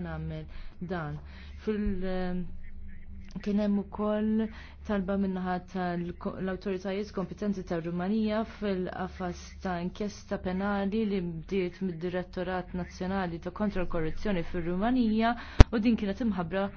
ħanamel dan. Fil- eh, kien hemm ukoll talba minnaħa tal-awtoritajiet kompetenti tar Rumanija fil-qafas ta' inkjesta penali li bdiet mid-Direttorat Nazzjonali ta' Kontra l-Korruzzjoni fir-Rumanija u din kienet imħabbra